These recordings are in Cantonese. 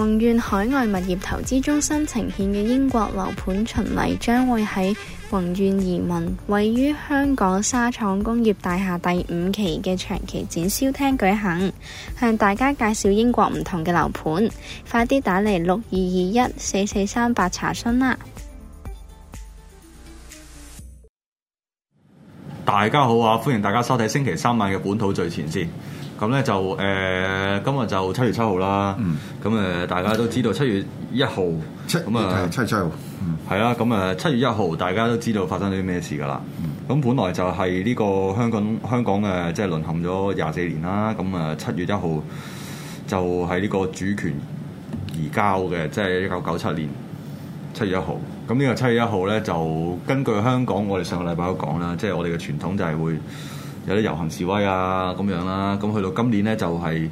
宏願海外物業投資中心呈現嘅英國樓盤巡禮將會喺宏願移民位於香港沙廠工業大廈第五期嘅長期展銷廳舉行，向大家介紹英國唔同嘅樓盤，快啲打嚟六二二一四四三八查詢啦！大家好啊，歡迎大家收睇星期三晚嘅本土最前線。咁咧就誒、呃，今日就七月七號啦。咁誒、嗯，大家都知道七月一號，咁啊就七月七號，係啦、嗯。咁啊，七月一號，大家都知道發生咗啲咩事噶啦。咁、嗯、本來就係呢個香港香港嘅，即係淪陷咗廿四年啦。咁啊，七月一號就喺呢個主權移交嘅，即係一九九七年七月一號。咁呢個七月一號咧，就根據香港我哋上個禮拜都講啦，即係我哋嘅傳統就係會。有啲遊行示威啊，咁樣啦，咁去到今年咧就係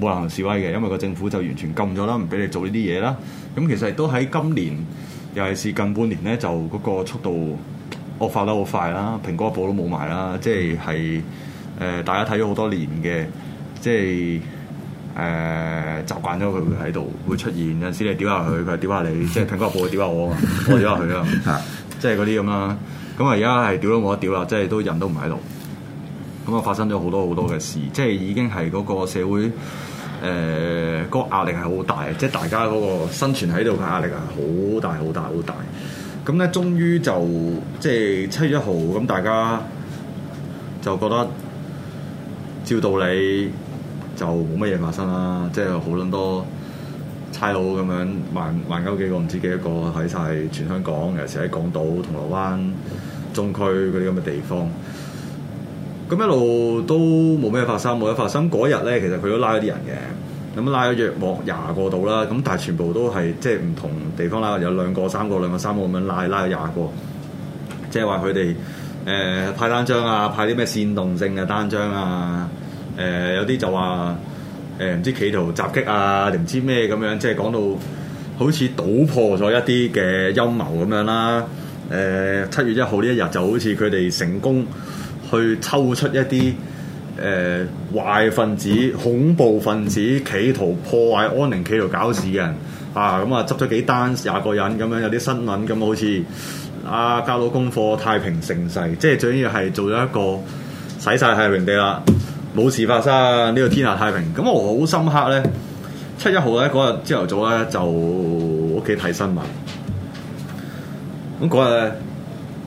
冇遊行示威嘅，因為個政府就完全禁咗啦，唔俾你做呢啲嘢啦。咁其實都喺今年，尤其是近半年咧，就嗰個速度惡化得好快啦，蘋果日報都冇埋啦，即係誒、呃、大家睇咗好多年嘅，即係誒、呃、習慣咗佢會喺度會出現，有陣時你屌下佢，佢又屌下你，即係蘋果日報屌下我啊，我屌下佢啊，即係嗰啲咁啦。咁啊，而家係屌都冇得屌啦，即係都人都唔喺度。咁啊，發生咗好多好多嘅事，即係已經係嗰個社會，誒、呃、嗰、那個壓力係好大，即係大家嗰個生存喺度嘅壓力係好大好大好大。咁咧，終於就即係七月一號，咁大家就覺得照道理就冇乜嘢發生啦，即係好撚多差佬咁樣，萬萬鳩幾個唔知幾多個，喺晒全香港，尤其是喺港島、銅鑼灣、中區嗰啲咁嘅地方。咁一路都冇咩發生，冇咩發生。嗰日咧，其實佢都拉咗啲人嘅，咁拉咗約莫廿個度啦。咁但係全部都係即係唔同地方拉，有兩個、三個、兩個、三個咁樣拉，拉咗廿個。即係話佢哋誒派單張啊，派啲咩煽動性嘅單張啊，誒、呃、有啲就話誒唔知企圖襲擊啊，定唔知咩咁樣，就是、樣，即係講到好似倒破咗一啲嘅陰謀咁樣啦。誒七月一號呢一日就好似佢哋成功。去抽出一啲誒、呃、壞分子、恐怖分子，企圖破壞安寧、企圖搞事嘅人啊！咁、嗯、啊，執咗幾單廿個人咁樣，有啲新聞咁，好似啊交咗功課太平盛世，即係最緊要係做咗一個洗晒太平地啦，冇事發生，呢、這個天下太平。咁我好深刻咧，七一號咧嗰日朝頭早咧就屋企睇新聞，咁嗰日咧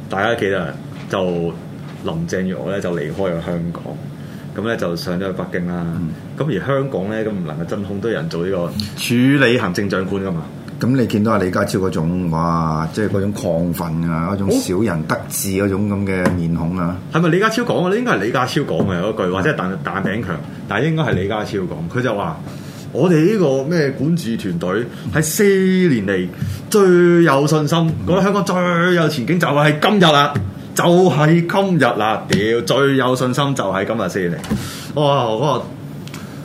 大家記得就。林鄭月娥咧就離開咗香港，咁咧就上咗去北京啦。咁、嗯、而香港咧咁唔能夠真空都有人做呢個處理行政長官噶嘛？咁、嗯、你見到阿李家超嗰種哇，即係嗰種亢奮啊，嗰種小人得志嗰種咁嘅面孔啊。係咪、哦、李家超講嘅？應該係李家超講嘅嗰句話，嗯、或者鄧鄧炳強，但係應該係李家超講。佢就話：我哋呢個咩管治團隊喺四年嚟最有信心，覺得、嗯嗯、香港最有前景就係今日啊！就係今日啦！屌，最有信心就係今日先嚟。哇，嗰、那個，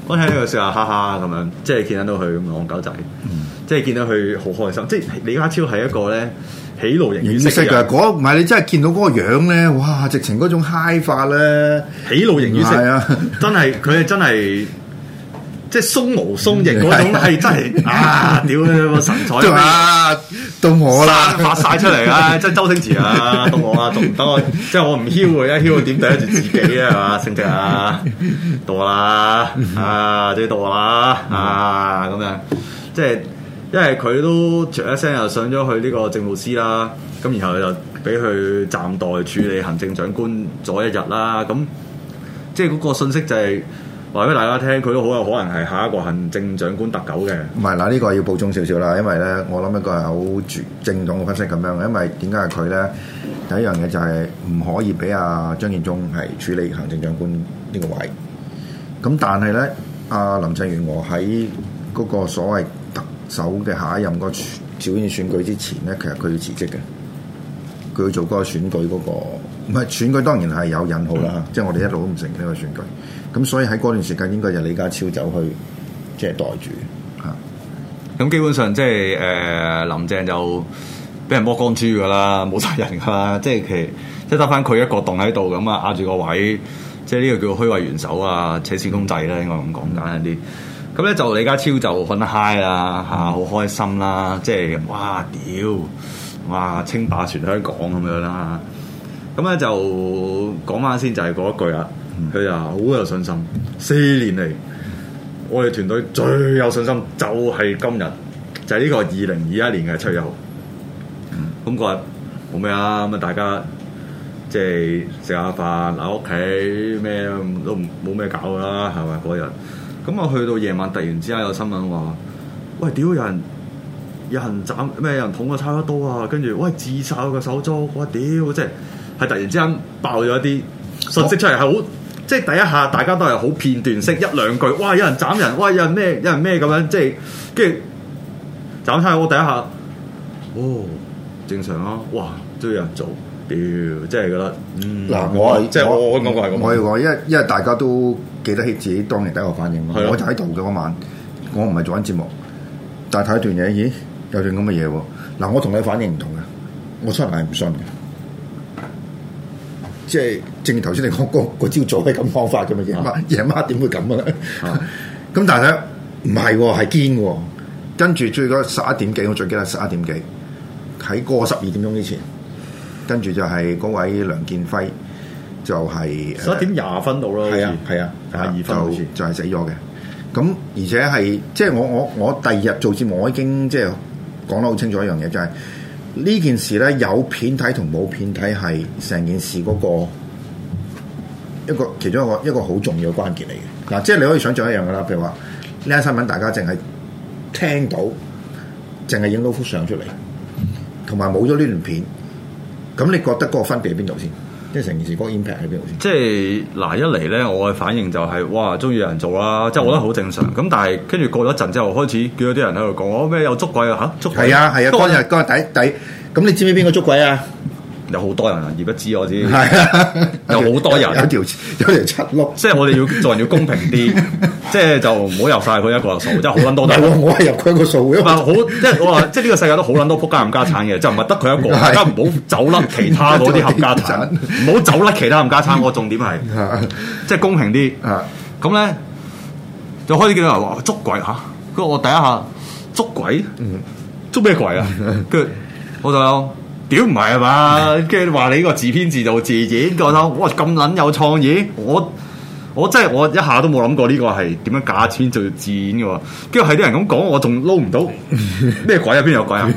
講起呢個笑話，哈哈咁樣，即係見到佢咁戇狗仔，嗯、即係見到佢好開心。即係李家超係一個咧喜怒形於色。認識啊，嗰唔係你真係見到嗰個樣咧，哇！直情嗰種 high 法咧，喜怒形於色啊！真係佢係真係。 即係鬆毛鬆形嗰種，係真係啊！屌，個神采啊，到我啦，發晒出嚟啦！即係周星馳啊，到我啦，仲等我，即係我唔囂佢，一囂點對得住自己啊，係嘛？升職啊，到我啦，啊，都要到啦，啊，咁樣，即係因為佢都一聲又上咗去呢個政務司啦，咁然後又俾佢暫代處理行政長官咗一日啦，咁即係嗰、那個信息就係、是。話俾大家聽，佢都好有可能係下一個行政長官特首嘅。唔係，嗱、這、呢個要補充少少啦，因為咧，我諗一個好絕正統嘅分析咁樣，因為點解係佢咧？第一樣嘢就係唔可以俾阿張建宗係處理行政長官個呢個位。咁但係咧，阿林鄭月娥喺嗰個所謂特首嘅下一任個小圈選舉之前咧，其實佢要辭職嘅。佢要做嗰個選舉嗰、那個，唔係選舉當然係有引號啦，嗯、即係我哋一路都唔承認呢個選舉。咁所以喺嗰段時間應該就李家超走去即係袋住嚇，咁基本上即係誒林鄭就俾人剝光豬噶啦，冇晒人噶啦，即係其即係得翻佢一個洞喺度咁啊壓住個位，即係呢個叫做虛位元首啊，扯屎公仔啦。咧，我咁講簡單啲。咁咧就李家超就瞓得嗨 i 啦，嚇好、嗯啊、開心啦，即係哇屌，哇清霸全香港咁樣啦，咁咧、嗯、就講翻先就係嗰一句啊。佢啊，好有信心。四年嚟，我哋團隊最有信心就係今、就是嗯、日，就係呢個二零二一年嘅七月號。咁嗰日冇咩啊，咁啊大家即係食下飯，留屋企咩都冇咩搞㗎啦，係咪嗰日？咁、那、我、個、去到夜晚突然之間有新聞話：喂，屌，有人，有人斬咩？人捅個差人一刀啊！跟住，喂自殺個手足，哇屌！真係係突然之間爆咗一啲訊息出嚟，係好我～即係第一下，大家都係好片段式一兩句，哇！有人斬人，哇！有人咩？有人咩咁樣？即係跟住斬晒我第一下，哦，正常咯、啊。哇，都有人做，屌！即係覺得，嗯，嗱，我係即係我我講過係咁，我係講，因為我因為大家都記得起自己當年第一個反應。係。是的 我就喺度嗰晚，我唔係做緊節目，但係睇段嘢，咦？有段咁嘅嘢喎。嗱，我同你反應唔同嘅，我出嚟係唔信嘅，即係。正如頭先你講、那個個朝早係咁方法嘅嘛？夜晚夜媽點會咁啊？咁、啊啊、 但係咧唔係喎，係堅喎。跟住、啊、最多十一點幾，我最記得十一點幾喺過十二點鐘之前。跟住就係嗰位梁健輝，就係十一點廿分到咯。係啊係啊，廿二、啊啊、分到就係、就是、死咗嘅。咁而且係即係我我我第二日做節目，我已經即係、就是、講得好清楚一樣嘢，就係、是、呢件事咧有片體同冇片體係成件事嗰、那個。一個其中一個一個好重要嘅關鍵嚟嘅，嗱，即係你可以想像一樣嘅啦，譬如話呢單新聞，大家淨係聽到，淨係影到幅相出嚟，同埋冇咗呢段片，咁你覺得嗰個分別喺邊度先？即係成件事嗰個 impact 喺邊度先？即係嗱，一嚟咧，我嘅反應就係、是、哇，鍾意有人做啦、啊，即係我覺得好正常。咁但係跟住過咗一陣之後，開始叫咗啲人喺度講，我咩有捉鬼啊？嚇，捉係啊係啊，嗰日嗰日底底。」咁你知唔知邊個捉鬼啊？你有好多人，而不知我知。係啊，有好多人，一條一條七碌。即係我哋要做人要公平啲，即係就唔好入晒佢一個數，即係好撚多。我我係入佢個數，唔係好。即係我話，即係呢個世界都好撚多撲家冚家產嘅，就唔係得佢一個。大家唔好走甩其他嗰啲冚家產，唔好走甩其他冚家產。我重點係，即係公平啲。咁咧就開始叫到人話捉鬼嚇，咁我第一下捉鬼，捉咩鬼啊？跟住我大佬。屌，唔係啊嘛？跟住話你呢個自編自導自演，覺得哇咁捻有創意。我我真係我一下都冇諗過呢個係點樣假錢做自演嘅，跟住係啲人咁講，我仲撈唔到咩 鬼啊？邊有鬼啊？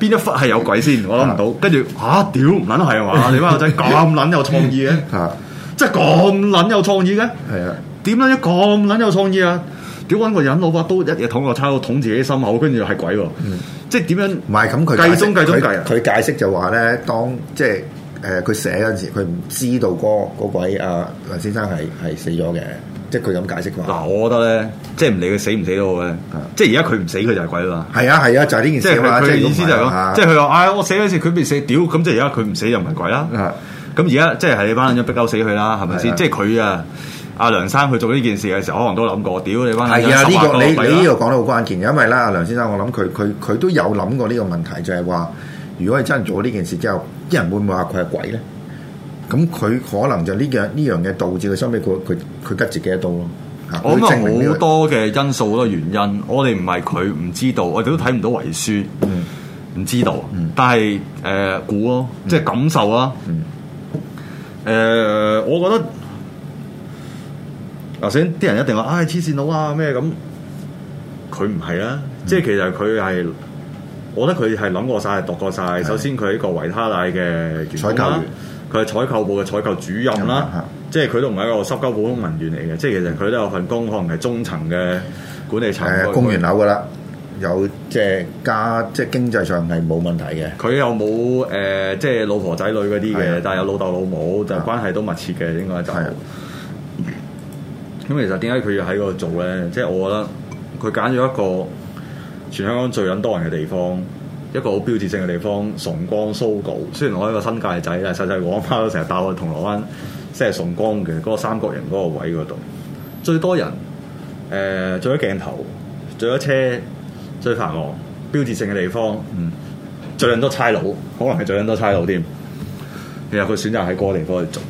邊一忽係有鬼先？啊，我諗唔到。跟住吓，屌唔捻係啊嘛？你班友仔咁捻有創意嘅，吓的，即係咁捻有創意嘅，係啊的，點捻得咁捻有創意啊？屌搵個人攞把刀一嘢捅個叉，捅自己心口，跟住又係鬼？即係點樣？唔係咁佢計鐘計鐘計佢解釋就話咧，當即係誒，佢死嗰陣時，佢唔知道嗰嗰鬼阿林先生係係死咗嘅。即係佢咁解釋佢話。嗱，我覺得咧，即係唔理佢死唔死都好嘅。即係而家佢唔死，佢就係鬼嘛。係啊係啊，就係呢件事啊。即係佢意思就係咁。即係佢話：哎，我死嗰陣時，佢未死，屌！咁即係而家佢唔死，就唔係鬼啦。咁而家即係係你班人逼鳩死佢啦，係咪先？即係佢啊！阿梁生去做呢件事嘅時候，可能都諗過，屌你翻，係啊，呢、啊這個你呢度講得好關鍵，因為咧，阿梁先生，我諗佢佢佢都有諗過呢個問題，就係話，如果係真係做呢件事之後，啲人會唔會話佢係鬼咧？咁佢可能就呢樣呢樣嘅導致佢相比佢佢佢吉自己一刀咯。嗯、我諗好多嘅因素，好多原因，我哋唔係佢唔知道，我哋都睇唔到遺書，唔、嗯嗯、知道，但係誒估咯，即係感受啦。誒、呃，我覺得。嗱，先啲人一定話，唉，黐線佬啊，咩咁？佢唔係啊，即係其實佢係，我覺得佢係諗過晒、度過晒。首先佢一個維他奶嘅採購員，佢係採購部嘅採購主任啦，即係佢都唔係一個濕鳩普通文員嚟嘅。即係其實佢都有份工，可能係中層嘅管理層，公完樓噶啦，有即係家，即係經濟上係冇問題嘅。佢有冇誒，即係老婆仔女嗰啲嘅？但係有老豆老母，就關係都密切嘅，應該就。咁其實點解佢要喺嗰度做咧？即係我覺得佢揀咗一個全香港最引多人嘅地方，一個好標誌性嘅地方——崇光 SOGO。雖然我係一個新界仔，但係細細個我阿媽都成日帶我去銅鑼灣，即係崇光嘅嗰個三角形嗰個位嗰度，最多人、誒、呃、最多鏡頭、最多車、最繁忙、標誌性嘅地方。嗯，最引多差佬，可能係最引多差佬添。然後佢選擇喺嗰個地方嚟做。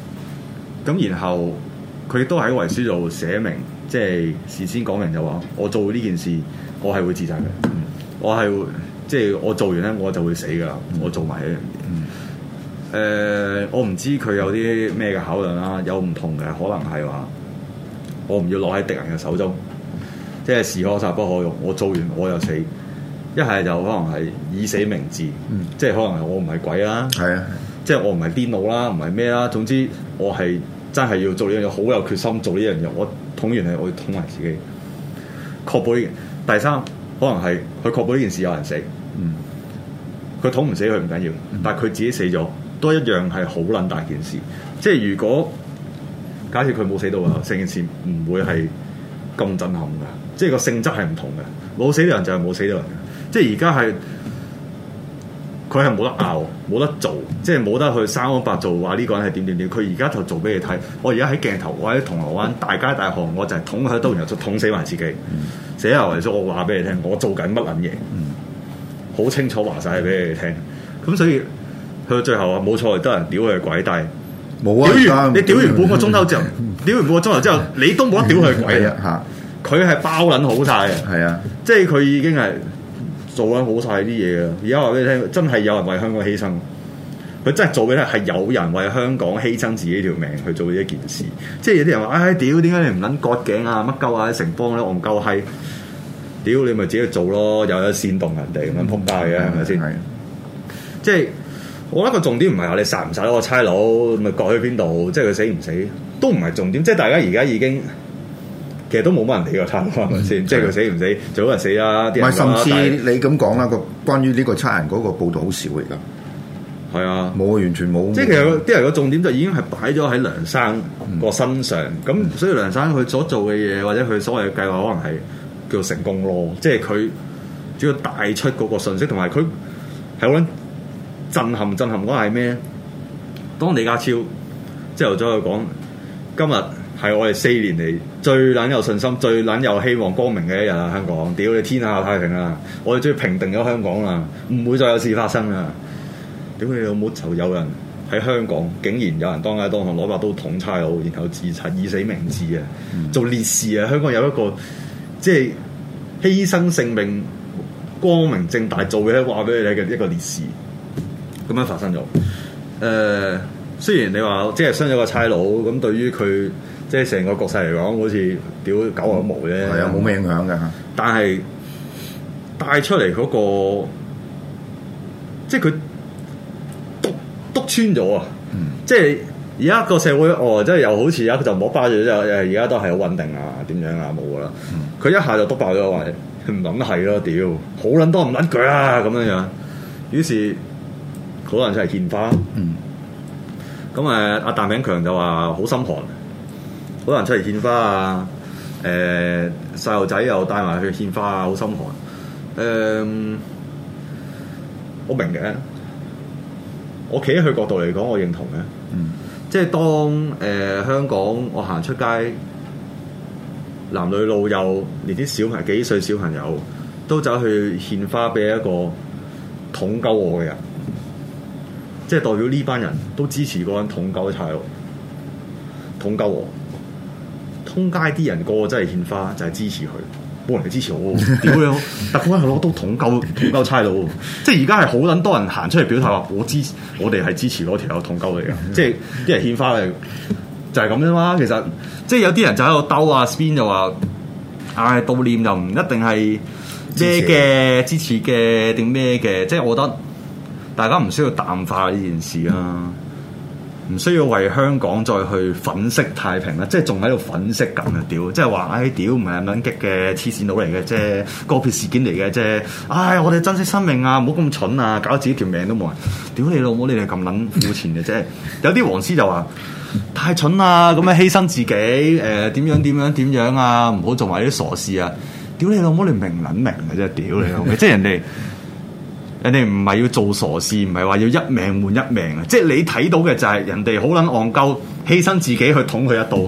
咁然後。佢都喺遺書度寫明，即係事先講明就話：我做呢件事，我係會自殺嘅。嗯、我係會，即係我做完咧，我就會死噶啦。我做埋一樣嘢。誒，我唔知佢有啲咩嘅考量啦。有唔同嘅可能係話：我唔要落喺敵人嘅手中，即係是士可殺不可辱。我做完我又死。一係就可能係以死明志，嗯、即係可能我唔係鬼啦，即係、嗯、我唔係癲佬啦，唔係咩啦。總之我係。真係要做呢樣嘢，好有決心做呢樣嘢。我捅完係，我要捅埋自己，確保呢件。第三可能係佢確保呢件事有人死，嗯，佢捅唔死佢唔緊要，但係佢自己死咗都一樣係好撚大件事。即係如果假設佢冇死到啊，成件事唔會係咁震撼㗎。即係個性質係唔同嘅。冇死到人就係冇死到人，即係而家係。佢係冇得拗，冇得做，即係冇得去生安白造話呢個人係點點點。佢而家就做俾你睇，我而家喺鏡頭，我喺銅鑼灣大街大巷，我就係捅佢刀，然後就捅死埋自己。寫下為咗我話俾你聽，我做緊乜撚嘢，好清楚話晒俾你聽。咁所以去到最後啊，冇錯，得人屌佢鬼，但係冇啊。你屌完半個鐘頭之後，屌完半個鐘頭之後，你都冇得屌佢鬼啊！嚇，佢係包撚好晒嘅，係啊，即係佢已經係。做咗好晒啲嘢啊！而家話俾你聽，真係有人為香港犧牲。佢真係做俾你，係有人為香港犧牲自己條命去做呢一件事。即係有啲人話：，唉、哎，屌，點解你唔撚割頸啊？乜鳩啊？城邦咧，我唔夠閪。屌，你咪自己做咯，又有煽動人哋咁樣撲街嘅，係咪先？即係，我諗個重點唔係話你殺唔殺到個差佬，咪割去邊度？即係佢死唔死都唔係重點。即係大家而家已經。其實都冇乜人理個差人先，即係佢死唔死，最好人死啦、啊。唔係，甚至你咁講啦，關於個關於呢個差人嗰個報道好少而家，係啊，冇，啊，完全冇。即係其實啲人個重點就已經係擺咗喺梁生個身上，咁、嗯嗯、所以梁生佢所做嘅嘢，或者佢所謂嘅計劃，可能係叫做成功咯。即係佢主要帶出嗰個信息，同埋佢係我震撼震撼嗰係咩？當李家超之後再講今日。今日係我哋四年嚟最捻有信心、最捻有希望光明嘅一日啊！香港，屌你天下太平啦！我哋終於平定咗香港啦，唔會再有事發生啦！點解你老母就有人喺香港，竟然有人當街當巷攞把刀捅差佬，然後自殺以死明志啊？做烈士啊！香港有一個即係犧牲性命、光明正大做嘅話俾你嘅一個烈士，咁樣發生咗。誒、呃，雖然你話即係傷咗個差佬，咁對於佢。即係成個局勢嚟講，好似九牛一毛啫，係啊，冇咩影響嘅。但係帶出嚟嗰、嗰個，即係佢督穿咗啊！即係而家個社會，哦，即、就、係、是、又好似而家就冇包住，即係而家都係好穩定啊，點樣啊，冇啦。佢一下就篤爆咗，話唔撚係咯，屌好撚多唔撚佢啊，咁樣樣。於是好多人就係獻花。嗯，嗯。咁、啊、誒，阿鄧炳強就話好心寒。好多人出嚟獻花啊！誒、呃，細路仔又帶埋去獻花啊，好心寒。誒、呃，我明嘅，我企喺佢角度嚟講，我認同嘅。嗯、即係當誒、呃、香港，我行出街，男女老幼，連啲小朋友幾歲小朋友都走去獻花俾一個統救我嘅人，即係代表呢班人都支持嗰個人統救齊喎，統救我。通街啲人過、那個、真係獻花，就係、是、支持佢，冇人嚟支持我。屌你， 但嗰陣係攞刀捅鳩捅鳩差佬， 即係而家係好撚多人行出嚟表態話，我支持我哋係支持嗰條友捅鳩嚟嘅。 即係啲人獻花係就係咁啫嘛。其實即係有啲人就喺度兜啊，spin 又話，唉、哎、悼念又唔一定係咩嘅支持嘅定咩嘅。即係我覺得大家唔需要淡化呢件事啊。嗯。唔需要為香港再去粉飾太平啦，即係仲喺度粉飾緊啊！屌，即係話唉屌，唔係咁撚激嘅黐線佬嚟嘅啫，個別事件嚟嘅啫。唉，我哋珍惜生命啊，唔好咁蠢啊，搞到自己條命都冇啊！屌你老母，你哋咁撚膚淺嘅啫。有啲黃絲就話太蠢啦，咁樣犧牲自己，誒、呃、點樣點樣點樣啊，唔好做埋啲傻事啊！屌你老母，你明撚明嘅啫，屌你老母，即係 人哋唔係要做傻事，唔係話要一命換一命啊！即係你睇到嘅就係人哋好捻戇鳩，犧牲自己去捅佢一刀，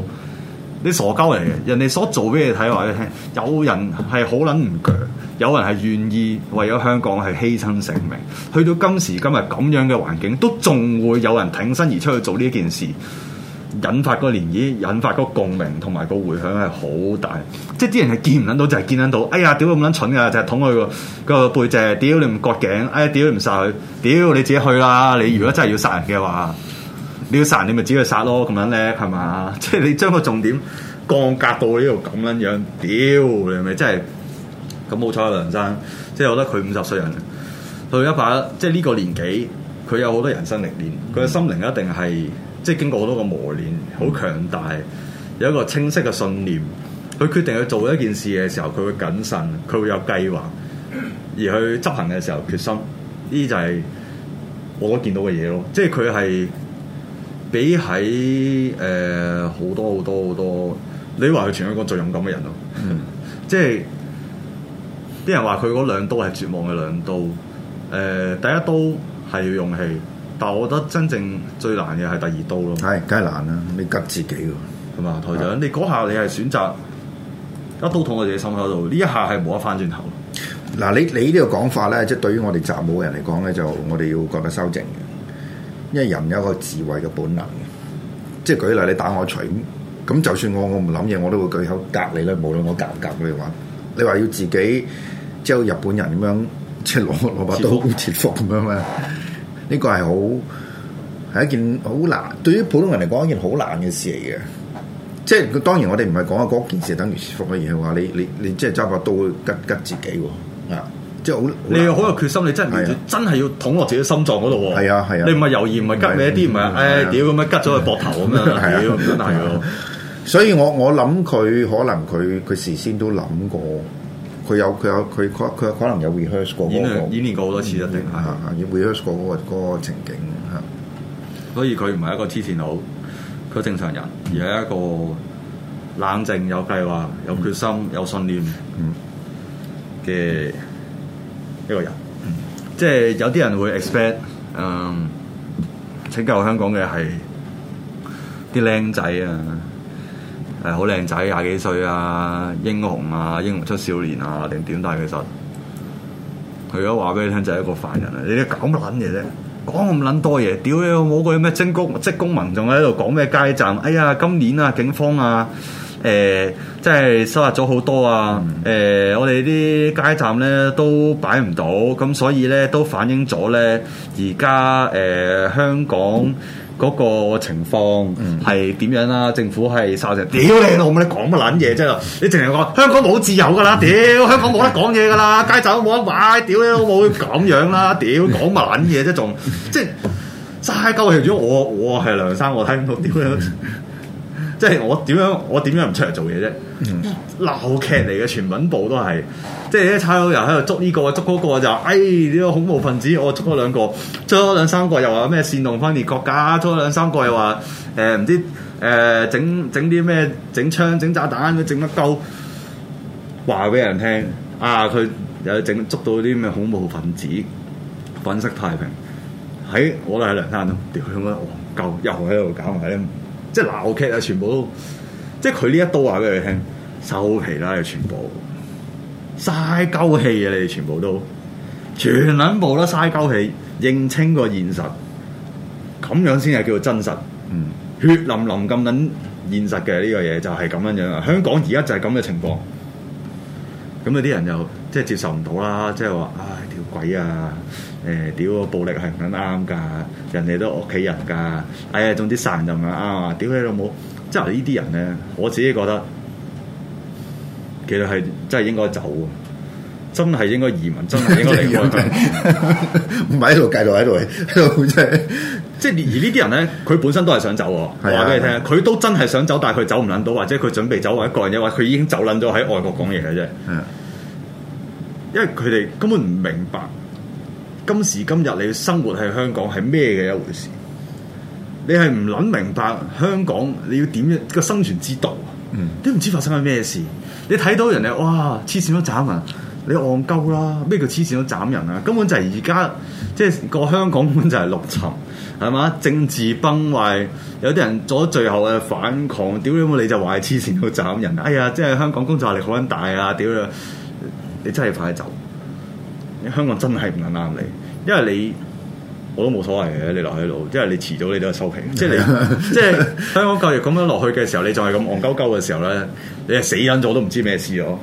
你傻鳩嚟嘅！人哋所做俾你睇話你聽，有人係好捻唔強，有人係願意為咗香港係犧牲性命，去到今時今日咁樣嘅環境，都仲會有人挺身而出去做呢件事。引發個漣漪，引發個共鳴同埋個迴響係好大，即係啲人係見唔到就係、是、見到，哎呀，點解咁撚蠢噶？就係、是、捅佢個個背脊，屌你唔割頸，哎呀，屌你唔殺佢，屌你自己去啦！你如果真係要殺人嘅話，你要殺人你咪自己去殺咯，咁撚叻係嘛？即係你將個重點降格到呢度咁撚樣，屌你咪真係咁好彩啊！梁生，即係我覺得佢五十歲人，佢一把即係呢個年紀，佢有好多人生歷練，佢嘅、嗯、心靈一定係。即係經過好多個磨練，好強大，有一個清晰嘅信念。佢決定去做一件事嘅時候，佢會謹慎，佢會有計劃，而去執行嘅時候決心。呢啲就係我見到嘅嘢咯。即係佢係比喺誒好多好多好多。你話佢全香港最勇敢嘅人咯。嗯、即係啲人話佢嗰兩刀係絕望嘅兩刀。誒、呃，第一刀係要勇氣。但我覺得真正最難嘅係第二刀咯，係梗係難啦，你急自己喎，係嘛，台長？是你嗰下你係選擇一刀捅我哋嘅心口度，呢一下係冇得翻轉頭。嗱，你你呢個講法咧，即係對於我哋習武嘅人嚟講咧，就我哋要覺得修正嘅，因為人有一個智慧嘅本能，即係舉例，你打我一錘咁，咁就算我我唔諗嘢，我都會舉手隔你啦。無論我夾唔夾你話，你話要自己即係日本人咁樣，即係攞攞把刀切腹咁樣啊！呢個係好係一件好難對於普通人嚟講一件好難嘅事嚟嘅，即係當然我哋唔係講下嗰件事等於復嘅嘢係話你你你即係揸把刀吉吉自己喎，啊即係好你好有決心你真係真係要捅落自己心臟嗰度喎，係啊係啊，你唔係猶豫唔係吉你一啲唔係，唉屌咁樣拮咗佢膊頭咁樣，屌真係喎，所以我我諗佢可能佢佢事先都諗過。佢有佢有佢佢佢可能有 rehearse 過、嗰個演，演演練過好多次，一定係是，rehearse 過嗰、嗰個嗰個情景。所以佢唔係一個痴線佬，佢正常人，而係一個冷靜、有計劃、有決心、嗯、有信念嘅、嗯、一個人。嗯、即係有啲人會 expect，嗯，拯救香港嘅係啲靚仔啊。誒好靚仔廿幾歲啊！英雄啊！英雄出少年啊！定點？但係其實佢而家話俾你聽，就係一個犯人啊！你搞呢啲講撚嘢啫，講咁撚多嘢，屌你！冇嗰咩徵工職工民眾喺度講咩街站？哎呀，今年啊，警方啊，誒、呃，即係收押咗好多啊！誒、嗯呃，我哋啲街站咧都擺唔到，咁所以咧都反映咗咧，而家誒香港。嗰個情況係點樣啦？政府係沙石。屌你老母！你講乜撚嘢啫？即係你淨係講香港冇自由噶啦！屌，香港冇得講嘢噶啦，街走冇得買。屌你老母咁樣啦！屌，講乜撚嘢啫？仲即係齋鳩完咗。我我係梁生，我睇唔到屌！即係我點樣？我點樣唔出嚟做嘢啫？嗯、鬧劇嚟嘅，全品部都係。即係啲差佬又喺度捉呢個捉嗰個，個就話誒呢個恐怖分子，我捉咗兩個，捉咗兩三個又話咩煽動分裂國家，捉咗兩三個又話誒唔知誒整整啲咩整槍整炸彈，佢整得夠話俾人聽啊！佢又整捉到啲咩恐怖分子，粉飾太平。喺、欸、我兩都喺梁山窿，屌你媽！戇鳩又喺度搞埋。即係鬧劇啊！全部都，即係佢呢一刀話俾你聽， 收皮啦！你全部嘥鳩氣啊！你哋全部都，全兩部都嘥鳩氣，認清個現實，咁樣先係叫做真實。嗯、血淋淋咁撚現實嘅呢、個嘢就係咁樣樣啊！香港而家就係咁嘅情況，咁有啲人又即係接受唔到啦！即係話唉條鬼啊！誒、哎、屌個暴力係唔緊啱㗎，人哋都屋企人㗎，哎呀總之散就唔緊啱啊！屌你老母，即係呢啲人咧，我自己覺得其實係真係應該走，真係應該移民，真係應該離開。唔係喺度計，喺度喺度，即係即係而呢啲人咧，佢本身都係想走，話俾的你聽，佢的都真係想走，但係佢走唔撚到，或者佢準備走或者個人因為佢已經走撚咗喺外國講嘢嘅啫。的因為佢哋根本唔明白。今時今日你生活喺香港係咩嘅一回事？你係唔諗明白香港你要點樣個生存之道？嗯，都唔知發生咗咩事？你睇到人哋哇，黐線都斬人，你戇鳩啦，咩叫黐線都斬人啊？根本就係而家即係個香港根本就係六沉，係嘛？政治崩壞，有啲人做咗最後嘅反抗，屌你，你就話係黐線都斬人？哎呀，即係香港工作壓力好撚大啊！屌你，你真係快走，香港真係唔能啱你。因為你我都冇所謂嘅，你留喺度。因為你遲早你都要收皮，即係你 即係香港教育咁樣落去嘅時，時候，你就係咁戇鳩鳩嘅時候咧，你係死人咗都唔知咩事咗。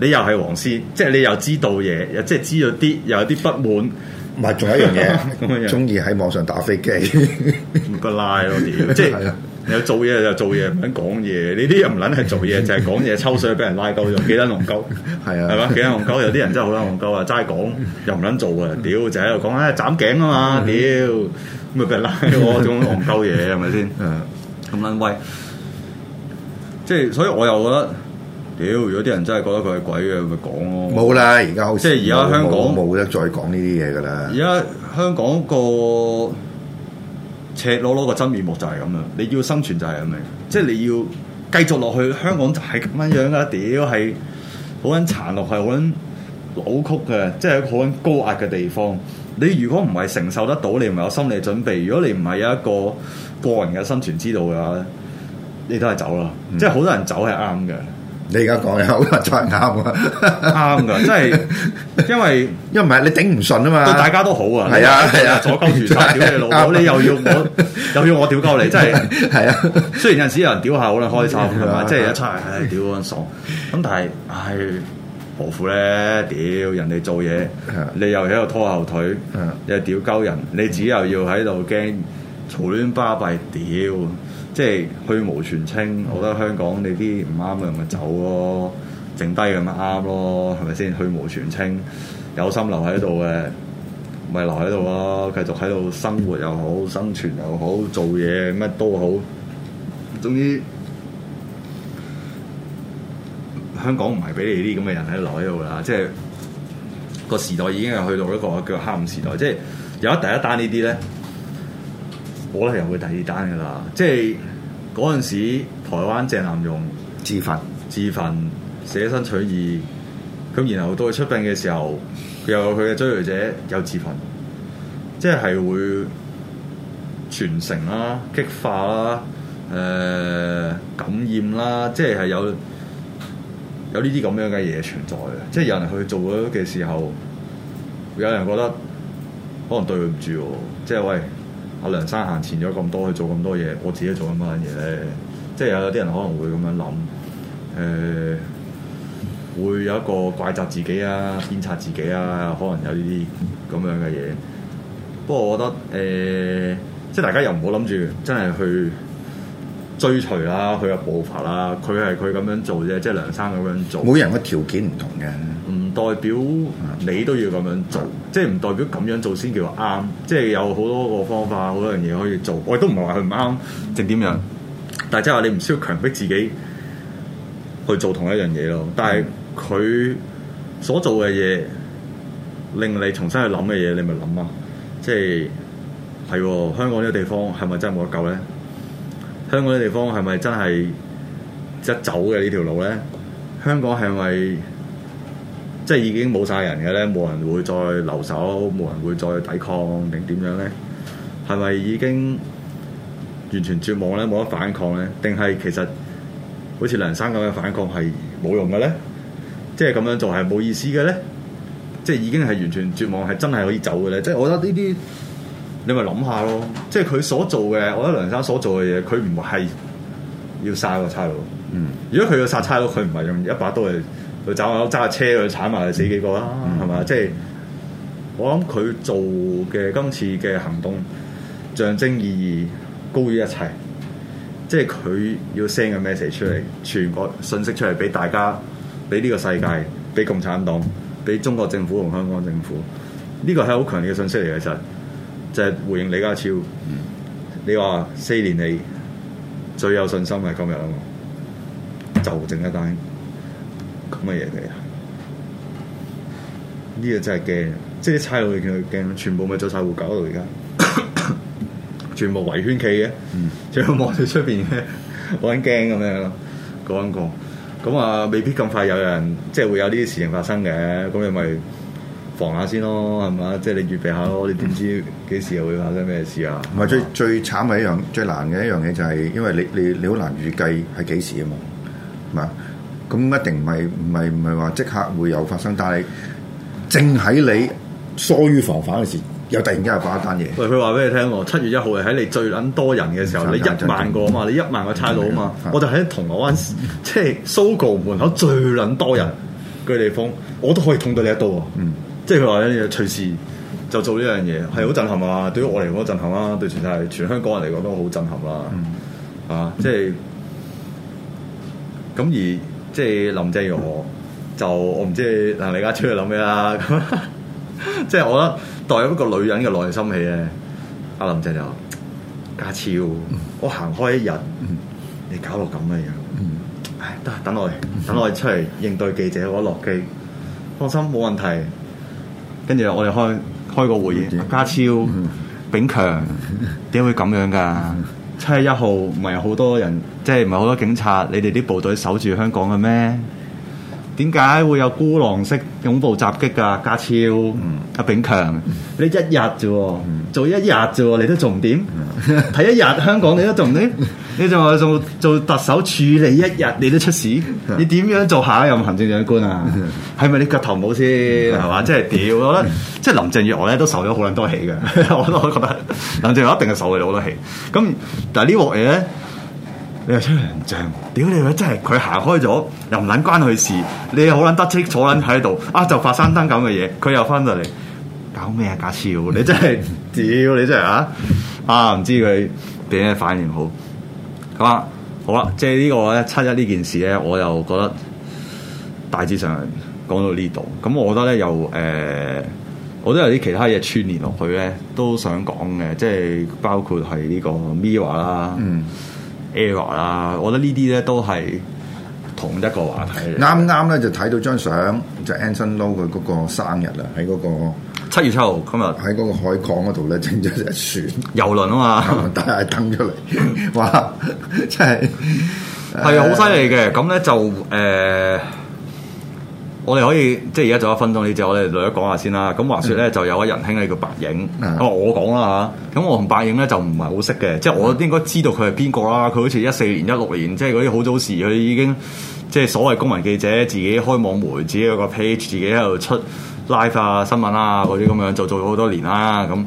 你又係黃絲，即係你又知道嘢，又即係知道啲，又有啲不滿，唔係仲有一樣嘢，中意喺網上打飛機，唔該拉咯，即係。 有做嘢就做嘢，唔肯講嘢。呢啲又唔撚係做嘢，就係講嘢抽水俾人拉鳩 是、啊，又幾撚戇鳩，係啊，係嘛？幾撚戇鳩？有啲人真係好撚戇鳩啊！齋講又唔撚做啊！屌，就喺度講啊，斬、哎、頸啊嘛！屌，咪俾人拉我做戇鳩嘢係咪先？嗯，咁撚威。即係、 啊就是，所以我又覺得屌，如果啲人真係覺得佢係鬼嘅，咪講咯。冇啦，而家好即係而家香港冇得再講呢啲嘢噶啦。而家香港個。赤裸裸個真面目就係咁樣，你要生存就係咁樣，即係你要繼續落去香港就係咁樣樣啦，屌係好撚殘落去，好撚扭曲嘅，即係好撚高壓嘅地方。你如果唔係承受得到，你唔係有心理準備，如果你唔係有一個個人嘅生存之道嘅話咧，你都係走啦。嗯、即係好多人走係啱嘅。你而家講嘅好啊，才啱啊，啱噶，真係，因為，因為唔係你頂唔順啊嘛，大家都好啊，係啊，係啊，坐鳩住，屌你老母，你又要我，啊、又要我屌鳩你，真係，係啊，雖然有陣時有人屌下好啦開心係嘛，啊、吧即係一齊，屌我爽，咁但係，唉、哎，何苦咧？屌人哋做嘢，你又喺度拖後腿，又屌鳩人，你自己又要喺度驚醜亂巴閉，屌！即係去蕪存菁，我覺得香港你啲唔啱嘅咪走咯，剩低咁啊啱咯，係咪先？去蕪存菁，有心留喺度嘅，咪留喺度咯，繼續喺度生活又好，生存又好，做嘢乜都好。總之，香港唔係俾你啲咁嘅人喺度留喺度啦。即係個時代已經係去到一個叫黑暗時代，即係有一第一單呢啲咧。我係又會第二單噶啦，即係嗰陣時台灣鄭南榕自焚，自焚捨身取義，咁然後到佢出殯嘅時候，佢有佢嘅追隨者有自焚，即係係會傳承啦、激化啦、誒、呃、感染啦，即係係有有呢啲咁樣嘅嘢存在嘅，即係有人去做咗嘅時候，有人覺得可能對佢唔住，即係喂。阿梁生行前咗咁多去做咁多嘢，我自己做咁多嘢咧，即係有啲人可能會咁樣諗，誒、呃，會有一個怪責自己啊、鞭策自己啊，可能有呢啲咁樣嘅嘢。不過我覺得誒、呃，即係大家又唔好諗住真係去追隨啦，佢嘅步伐啦，佢係佢咁樣做啫，即係梁生咁樣做。樣做每人嘅條件唔同嘅。代表你都要咁樣做，即係唔代表咁樣做先叫啱，即係有好多個方法，好多樣嘢可以做。我亦都唔係話佢唔啱，正點樣？但係即係話你唔需要強迫自己去做同一樣嘢咯。但係佢所做嘅嘢，令你重新去諗嘅嘢，你咪諗啊！即係係喎，香港呢個地方係咪真係冇得救咧？香港呢個地方係咪真係一走嘅呢條路咧？香港係咪？即係已經冇晒人嘅咧，冇人會再留守，冇人會再抵抗定點樣咧？係咪已經完全絕望咧？冇得反抗咧？定係其實好似梁生咁嘅反抗係冇用嘅咧？即係咁樣做係冇意思嘅咧？即係已經係完全絕望，係真係可以走嘅咧？即係我覺得呢啲你咪諗下咯。即係佢所做嘅，我覺得梁生所做嘅嘢，佢唔係要殺個差佬。嗯，如果佢要殺差佬，佢唔係用一把刀去。佢揸手揸架車去鏟埋，去死幾個啦，係嘛、啊？即係、即係、我諗佢做嘅今次嘅行動，象徵意義高於一切。即係佢要 send 個 message 出嚟，傳個信息出嚟俾大家，俾呢個世界，俾共產黨，俾中國政府同香港政府。呢個係好強烈嘅信息嚟嘅。其實就係就係回應李家超。嗯、你話四年嚟最有信心係今日啊，就剩一單。乜嘢嚟啊？呢個真係驚，即係啲差佬佢驚，全部咪坐晒護狗度而家。嗯、全部圍圈企嘅，最要望住出邊嘅，好驚咁樣講講。咁啊，未必咁快有人，即係會有呢啲事情發生嘅。咁你咪防下先咯，係嘛？即係你預備下咯，你點知幾時又會發生咩事啊？唔係、嗯、吧最最慘嘅一樣最難嘅一樣嘢就係、是，因為你你你好難預計係幾時啊嘛，係嘛？咁一定唔係唔係唔係話即刻會有發生，但係正喺你疏於防範嘅時，又突然間又爆一單嘢。喂，佢話俾你聽，七月一號係喺你最捻多人嘅時候，人你一萬個啊嘛，正你一萬個差佬啊嘛，嗯嗯、我就喺銅鑼灣即係、就是、Sogo 門口最捻多人嘅地方，我都可以捅到你一刀。嗯，即係佢話咧，你隨時就做呢樣嘢，係好震撼啊！對於我嚟講震撼啦，對於全係全香港人嚟講都好震撼啦。嗯、啊，即係咁而。而即係林鄭如何？就我唔知嗱，李家超你諗咩啦？即係我覺得代入一個女人嘅內心戲咧，阿林姐就話家超，我行開一日，你搞到咁嘅樣，唉，得等我哋，等我哋出嚟應對記者，我一落機，放心冇問題。跟住我哋開開個會議，嗯嗯、家超、嗯、炳強點會咁樣㗎？七月一號唔係好多人，即係唔係好多警察？你哋啲部隊守住香港嘅咩？點解會有孤狼式恐怖襲擊噶？家超、阿炳強，你一日啫，做一日啫，你都重點？睇一日香港你都重點？你仲話做做特首處理一日你都出事？你點樣做下一任行政長官啊？係咪你腳頭冇先？係嘛？即係屌，我覺得即係林鄭月娥咧都受咗好捻多氣嘅，我都覺得林鄭月娥一定係受咗好多氣。咁但係呢鑊嘢咧？你又出嚟人像？屌你咪真係佢行開咗，又唔捻關佢事。你又好捻得戚坐捻喺度啊！就發生單咁嘅嘢，佢又翻到嚟搞咩啊？假笑！你真係屌 你真係啊！啊唔知佢點嘅反應好咁啊！好啦，即係呢、這個咧七一呢件事咧，我又覺得大致上講到呢度。咁我覺得咧，又誒、呃，我都有啲其他嘢串聯落去咧，都想講嘅，即係包括係呢個 Mirror 啦、嗯。error 啦，er、ror, 我覺得呢啲咧都係同一個話題。啱啱咧就睇到張相，就是、Anson Lo 佢嗰個生日啦，喺嗰、嗰個七月七號今日喺嗰個海港嗰度咧整咗隻船遊輪啊嘛，打下燈出嚟，哇， 真係係好犀利嘅。咁咧 就誒。呃我哋可以即係而家做一分鐘聊一聊呢？之後我哋再講下先啦。咁話說咧，就有一仁兄咧叫白影，咁、嗯、我講啦嚇。咁我同白影咧就唔係好識嘅，即係我應該知道佢係邊個啦。佢好似一四年、一六年，即係嗰啲好早時，佢已經即係所謂公民記者，自己開網媒，自己有個 page，自己喺度出 live 啊新聞啊嗰啲咁樣，做咗好多年啦。咁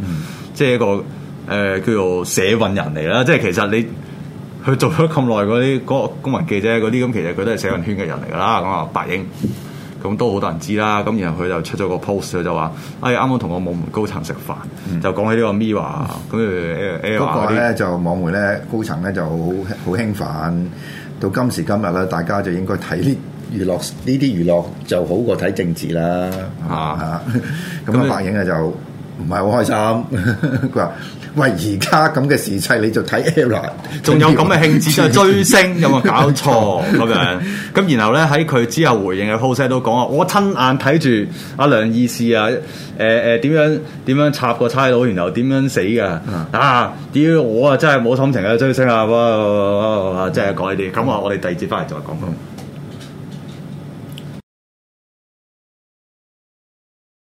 即係一個誒、呃、叫做社運人嚟啦。即係其實你佢做咗咁耐嗰啲嗰個公民記者嗰啲咁，其實佢都係社運圈嘅人嚟㗎啦。咁啊，白影。咁都好多人知啦，咁然後佢就出咗個 post，佢就話，哎，啱啱同我網媒高層食飯，嗯、就講起呢個 Mirror，咁不過咧就網媒咧高層咧就好好興奮，到今時今日咧，大家就應該睇啲娛樂呢啲娛樂就好過睇政治啦，嚇、啊，咁嘅反映啊那麼 就。唔係好開心，佢話：喂，而家咁嘅時勢，你就睇 A 啦，仲有咁嘅興致就追星，有冇搞錯咁樣？咁然後咧喺佢之後回應嘅 pose 都講啊，我親眼睇住阿梁義士啊，誒誒點樣點樣插個差佬，然後點樣死㗎啊！點我啊，真係冇心情去追星啊，哇！即係講呢啲，咁我我哋第二節翻嚟再講。